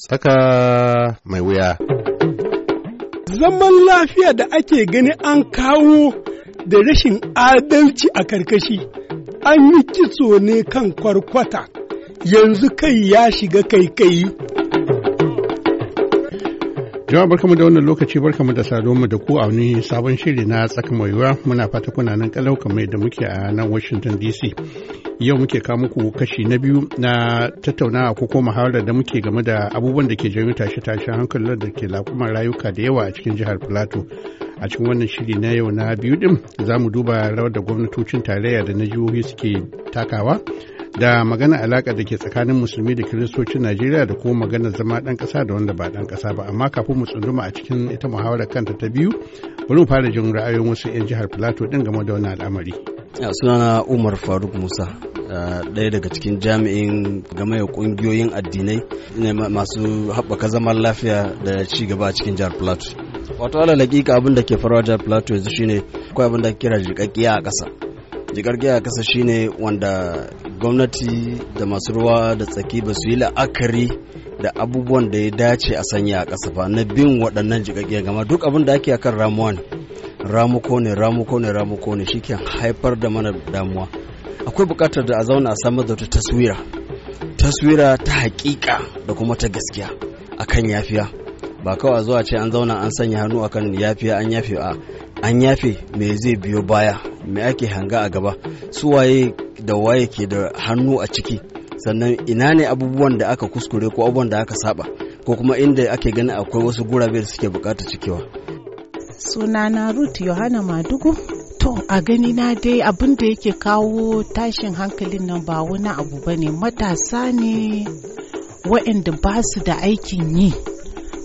Saka mai wuya. Zaman lafiya da ake gani an kawo da rashin adalci a karkashi, an yi kitso ne kan kwarkwata, yanzu kai ya shiga kai kai. Jama'a barkamu da wannan lokaci barkamu da mu da ku a wani sabon shiri na tsaka mai yiwuwa muna fata kuna nan kalau kamar da muke a nan Washington DC. Yau muke kawo muku kashi na biyu na tattaunawa ko kuma muhawarar da muke game da abubuwan da ke janyo tashe-tashen hankalin da ke lakuma rayuka da yawa a cikin jihar Plateau. a cikin wannan shiri na yau na biyu din za mu duba rawar da gwamnatocin tarayya da na jihohi suke takawa da magana alaƙa da ke tsakanin musulmi da kiristocin najeriya da kuma magana zama ɗan ƙasa da wanda ba ɗan ƙasa ba amma kafin mu tsunduma a cikin ita muhawarar kanta ta biyu bari mu fara jin ra'ayoyin wasu 'yan jihar plateau ɗin game da wannan al'amari sunana umar faruk musa ɗaya daga cikin jami'in game da ƙungiyoyin addinai ne masu haɓaka zaman lafiya da ci gaba a cikin jihar plateau wato ala laƙiƙa abin da ke faruwa jihar plateau yanzu shine akwai abin da kira jiƙaƙƙiya a ƙasa jiƙaƙƙiya a ƙasa shine wanda gwamnati da masu ruwa da tsaki ba su yi la'akari da abubuwan da ya dace a sanya a ba na bin waɗannan jiƙaƙƙiyar gama duk abin da ake ramuwa ne ramuko ne ramuko ne ramuko ne shike haifar da mana damuwa akwai buƙatar da a zauna a samar da wata taswira taswira ta haƙiƙa da kuma ta gaskiya akan yafiya ba kawai zuwa ce an zauna an sanya hannu akan yafiya an yafe a an yafe me zai biyo baya me ake hanga a gaba su waye da waye ke da hannu a ciki sannan ina ne abubuwan da aka kuskure ko abubuwan da aka saba ko kuma inda ake gani akwai wasu gurabe da suke bukata cikewa sunana ruth yohana madugu to a gani na dai abin da yake kawo tashin hankalin nan ba wani abu ba ne matasa ne waɗanda ba su da aikin yi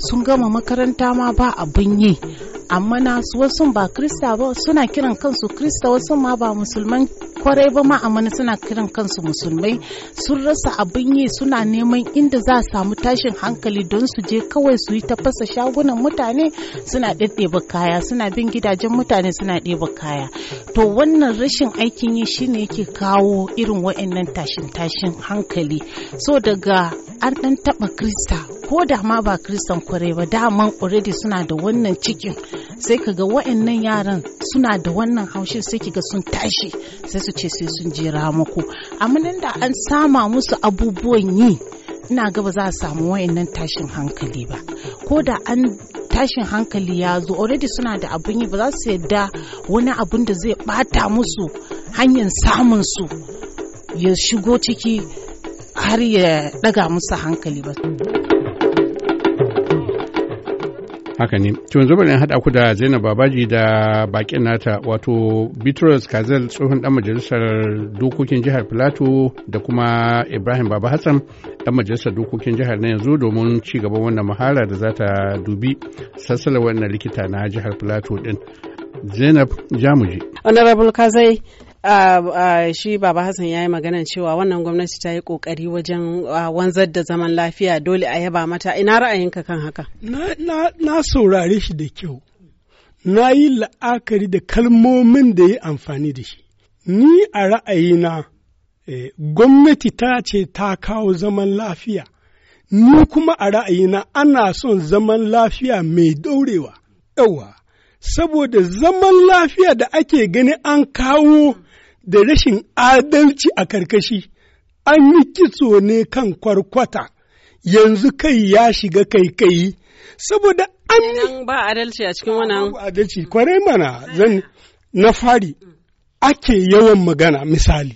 sun gama makaranta ma ba abin yi amma na wasu ba krista ba suna kiran kansu krista wasu ma ba musulman kwarai ba ma amana suna kiran kansu musulmai sun rasa abin yi suna neman inda za a samu tashin hankali don su je kawai su yi ta shagunan mutane suna ɗaɗɗeba kaya suna bin gidajen mutane suna ɗeba kaya to wannan rashin aikin yi shine yake kawo irin wa'annan tashin tashin hankali so daga an ɗan taɓa krista ko da ma ba kristan kwarai ba daman already suna da wannan cikin sai ka ga wa'annan yaran suna da wannan haushin sai ki ga sun tashi sai su ce sai sun jera muku amma nan da an sama musu abubuwan yi ina ga ba za a samu wayannan tashin hankali ba ko da an tashin hankali ya zo already suna da abun yi ba za su yadda wani abun da zai bata musu hanyar samun su ya shigo ciki har ya daga musu hankali ba. Haka ne. To yanzu bari hada ku da Zainab Babaji da bakin nata wato Bitrus Kazel tsohon dan majalisar dokokin jihar Plateau da kuma Ibrahim Baba Hassan dan majalisar dokokin jihar na yanzu domin ci gaban wannan muhara da za ta dubi sassala wannan likita na jihar Plateau din. Zainab Jamuji. Honorable Kazai Uh, uh, shi baba hassan ya yi magana cewa wannan gwamnati ta yi kokari wajen uh, wanzar da zaman lafiya dole a yaba mata ina ra'ayinka kan haka na saurare shi da kyau na yi la'akari da kalmomin da ya amfani da shi ni a ra'ayina eh, gwamnati ta ce ta kawo zaman lafiya ni kuma a ra'ayina ana son zaman lafiya mai daurewa yawa saboda zaman lafiya da ake gani an kawo da rashin adalci a karkashi, an yi kitso ne kan kwarkwata, yanzu kai ya shiga kai-kai, saboda an yi. ba adalci a cikin wannan. Ba adalci, kwarai mana zan na fari, ake yawan magana misali,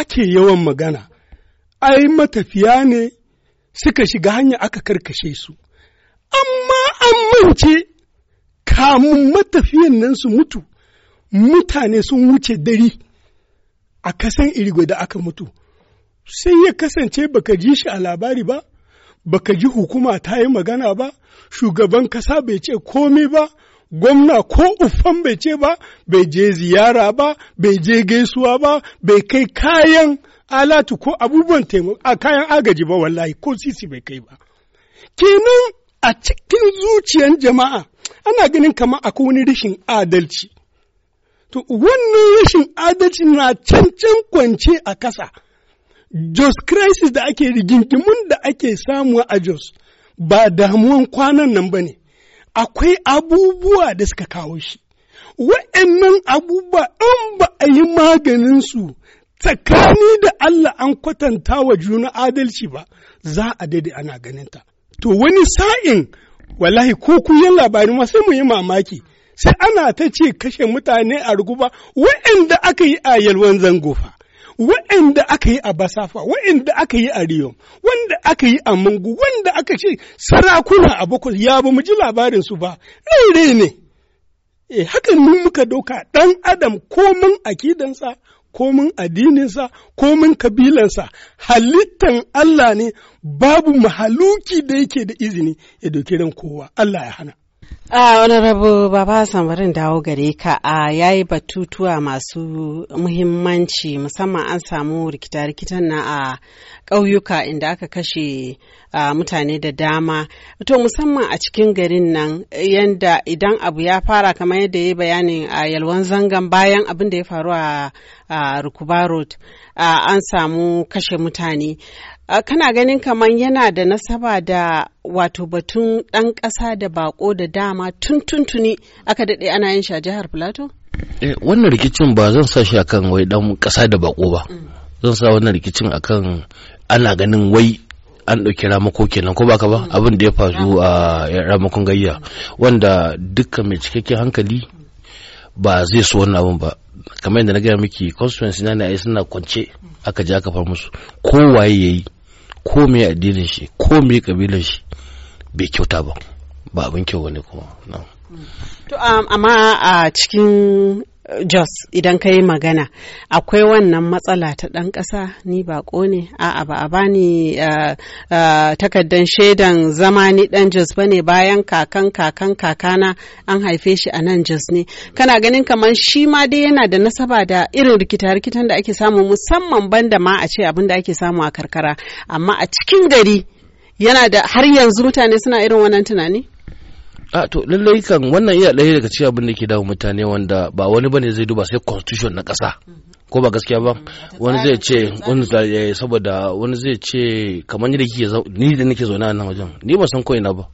ake yawan magana, ai matafiya ne suka shiga hanya aka karkashe su, amma an mance kamun matafiyan nan su mutu, mutane sun wuce dari. a kasan irigwe da aka mutu sai ya kasance baka ji shi a labari ba baka ji hukuma ta yi magana ba shugaban kasa bai ce komai ba gwamna ko uffan bai ce ba bai je ziyara ba bai je gaisuwa ba bai kai kayan alatu ko abubuwan taimako a kayan agaji ba wallahi ko sisi bai kai ba kenan a cikin zuciyan jama'a ana ganin kamar akwai wani rashin adalci To, wannan rashin adalci na cancan kwance a ƙasa. Jos crisis da ake rigingimun da ake samuwa a Jos ba damuwan kwanan nan ba ne, akwai abubuwa da suka kawo shi. Wa'yannan abubuwa in ba a yi maganinsu tsakani da Allah an kwatanta wa juna adalci ba, za a daidai ana ganinta. To, wani sa'in, wallahi ko kun labarin masu mu yi mamaki. sai ana ta ce kashe mutane a ruguba waɗanda aka yi a yalwan zangofa waɗanda aka yi a basafa waɗanda aka yi a Riyo, wanda aka yi a mangu wanda aka ce sarakuna a bakwai ya ba mu ji labarin su ba rai ne e haka mu muka doka ɗan adam komin akidansa komin addininsa komin kabilansa halittan Allah ne babu mahaluki da yake da izini ya doki ran kowa Allah ya hana a wani rabu baba samarin dawo gare ka a yayi batutuwa masu muhimmanci musamman an samu rikita-rikitan na a ƙauyuka inda aka kashe mutane da dama to musamman a cikin garin nan yadda idan abu ya fara kamar yadda ya yi bayanin a yalwan zangan bayan abin da ya faru a Rukuba Road, an samu kashe mutane Uh, kana ganin kamar yana da nasaba da wato batun ɗan ƙasa da bako da dama tun tuntuni aka daɗe ana yin shi a jihar Filato? Eh, wannan rikicin ba zan sa shi akan wai ɗan ƙasa da bako ba. Mm. Zan sa wannan rikicin akan ana ganin wai an ɗauki ramako kenan ko baka ba mm. abin da ya faru a eh, ramakon gayya wanda dukkan mai cikakken hankali mm. ba zai so wannan abun ba kamar yadda na gaya miki constituency na ne suna kwance aka ji aka far musu ko waye yayi ko me addinin shi ko me kabilan shi bai kyauta ba ba abin kyau wani kuma to um, amma a cikin Jos idan ka yi magana akwai wannan matsala ta ɗan ƙasa ni baƙo ne a'a ba a bani eh, eh, takardan shaidan zama ni ɗan Jos ba ne bayan kakan kakan kakana an haife shi a nan Jos ne kana ganin kamar shi ma dai yana da nasaba da irin rikita-rikitan da ake samu musamman banda ma a ce abin da ake samu a karkara amma a cikin gari yana da har yanzu mutane suna irin wannan tunani? a ah, to lallai kan wannan iya ɗaya daga cikin abin da ke dawo mutane wanda ba wani bane zai duba sai constitution na ƙasa mhm. ko ba gaskiya ba mhm. wani zai ce wani eh, saboda wani zai ce kamar ni da kike ni da nake zaune a nan wajen ni ba san ko ina ba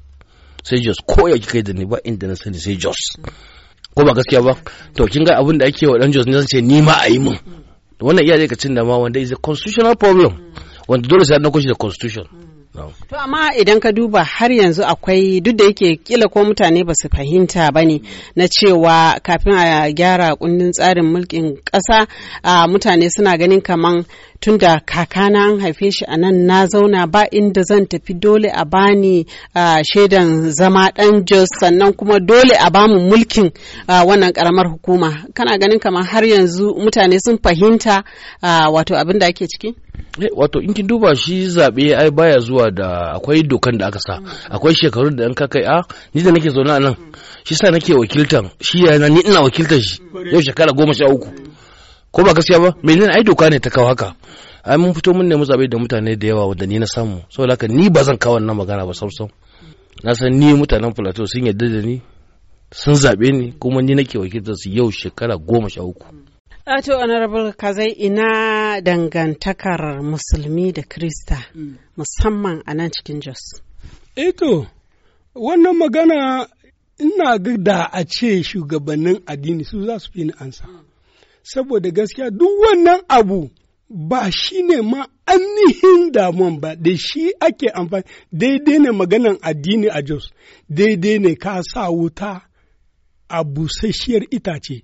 sai jos ko ya kika da ni ba inda na sani sai jos mhm. ko ba gaskiya ba to kin ga abin da ake wa dan jos ne zan ce ni ma a yi min wannan iya daga cikin da ma wanda is a constitutional problem wanda dole sai an dauko shi da constitution To amma idan ka duba har yanzu akwai duk da yake kila ko mutane ba su fahimta ba ne na cewa kafin a gyara kundin tsarin mulkin ƙasa mutane suna ganin kaman tunda kakana an haife shi a nan na zauna ba inda zan tafi dole a bani shaidan zama dan jos sannan kuma dole a bamu mulkin wannan karamar hukuma kana ganin kamar har yanzu mutane sun fahimta wato abin da ake ciki eh, wato in kin duba shi zaɓe ai baya zuwa da akwai dokan da aka sa mm. akwai shekarun da an ka kai a ah, ni da nake zaune a nan shi sa nake wakiltan shi yana ni ina wakiltan shi mm. yau shekara goma sha uku ko ba gaskiya ba me ne ai doka ne ta kawo haka ai mun fito mun nemi zabe da mutane da yawa wanda ni na samu saboda haka ni ba zan kawo wannan magana ba sausau na san ni mutanen plateau sun yarda da ni sun zabe ni kuma ni nake wakiltar su yau shekara goma sha uku Ato honorable Kazai ina dangantakar musulmi da Krista musamman a nan cikin Jos. Eto, wannan magana ina ga da a ce shugabannin addini su za su fi ni ansa. saboda gaskiya duk wannan abu ba shi ne ma ainihin damuwan ba da shi ake amfani daidai ne maganan addini a Jos daidai ne ka sa wuta a busasshiyar itace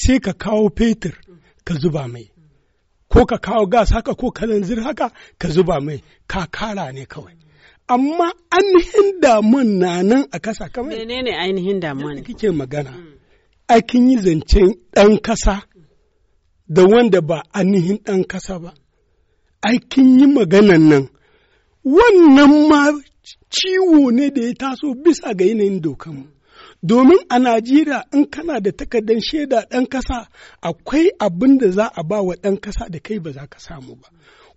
sai ka kawo fetur ka zuba mai ko ka kawo gas haka ko kalanzir haka ka zuba mai ka kara ne kawai amma ainihin damuwan na nan a kasa kamar ne ainihin damuwan kike magana aikin yi zancen ɗan kasa da wanda ba ainihin ɗan kasa ba. aikin yi maganan nan, wannan ma ciwo ne da ya taso bisa ga yanayin dokanmu. Domin a Najeriya in kana da takardar shaida ɗan kasa akwai abin da za a ba wa ɗan kasa da kai ba za ka samu ba.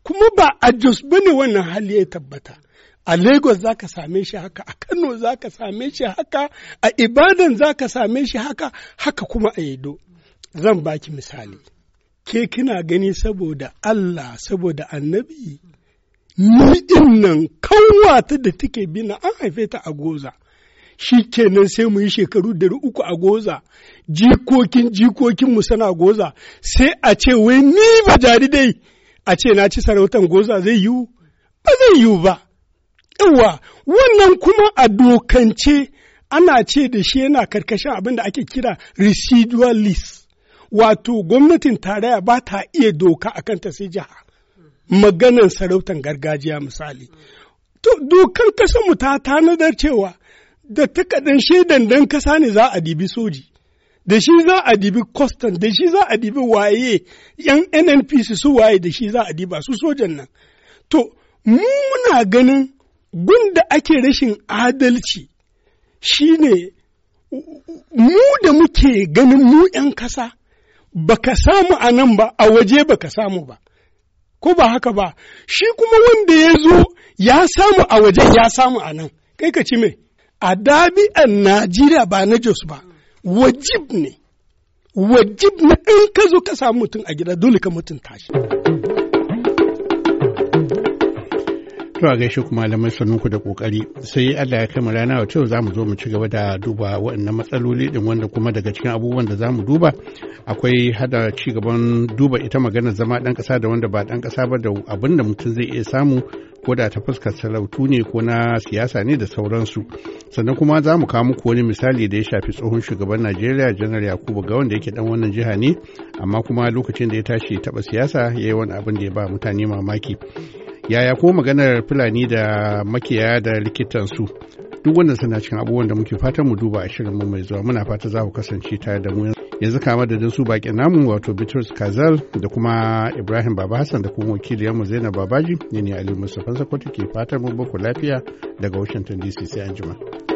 Kuma ba a Jos ba ne wannan hali ya tabbata. a Lagos za ka same shi haka, a Kano za ka same shi haka, a Ibadan za ka same shi haka, haka kuma a Edo. Zan baki misali. ke kina gani saboda Allah saboda annabi ni din nan kanwata da take bina an haife ta a goza shi kenan sai mu yi shekaru dari uku a goza jikokin jikokin mu sana goza sai a ce wai ni ba jaridai. dai a ce na ci sarautan goza zai yiwu ba zai yiwu ba yawa wannan kuma a dokance ana ce da shi yana karkashin abin da ake kira residual wato gwamnatin tarayya ba ta iya doka a kanta sai jiha maganan sarautar gargajiya misali To dokar mu ta tanadar cewa da takaɗin shaidan dan kasa ne za a dibi soji da shi za a dibi kwastan da shi za a dibi waye yan nnpc su waye da shi za a diba su sojan nan to mu muna ganin gunda ake rashin adalci shine mu da muke ganin mu 'yan kasa baka samu a nan ba a waje baka samu ba ko ba haka ba shi kuma wanda ya zo ya samu a waje ya samu a nan kai ka ci mai a dabi'an Najeriya ba na Jos ba wajib ne wajib ne in ka zo ka samu mutum a gida dole ka mutunta shi To a gaishe kuma malamai sanuku da kokari sai Allah ya kai mu rana yau za mu zo mu ci gaba da duba waɗannan matsaloli din wanda kuma daga cikin abubuwan da za mu duba akwai hada ci gaban duba ita maganar zama dan ƙasa da wanda ba dan ƙasa ba da abin da mutum zai iya samu ko da ta fuskar sarautu ne ko na siyasa ne da sauransu sannan kuma za mu kawo muku wani misali da ya shafi tsohon shugaban najeriya janar yakubu ga wanda yake dan wannan jiha ne amma kuma lokacin da ya tashi taba siyasa ya yi wani abin da ya ba mutane mamaki yaya ko maganar fulani da makiyaya da likitan su duk wanda suna cikin abubuwan da muke fatan mu duba a shirin mai zuwa muna fata za ku kasance tare da mu yanzu kama da su bakin namu wato Bitrus Kazal da kuma Ibrahim Baba Hassan da kuma mu Zainab Babaji ne ne Ali Mustapha sakwato ke fatan mu baku lafiya daga Washington DC sai anjima.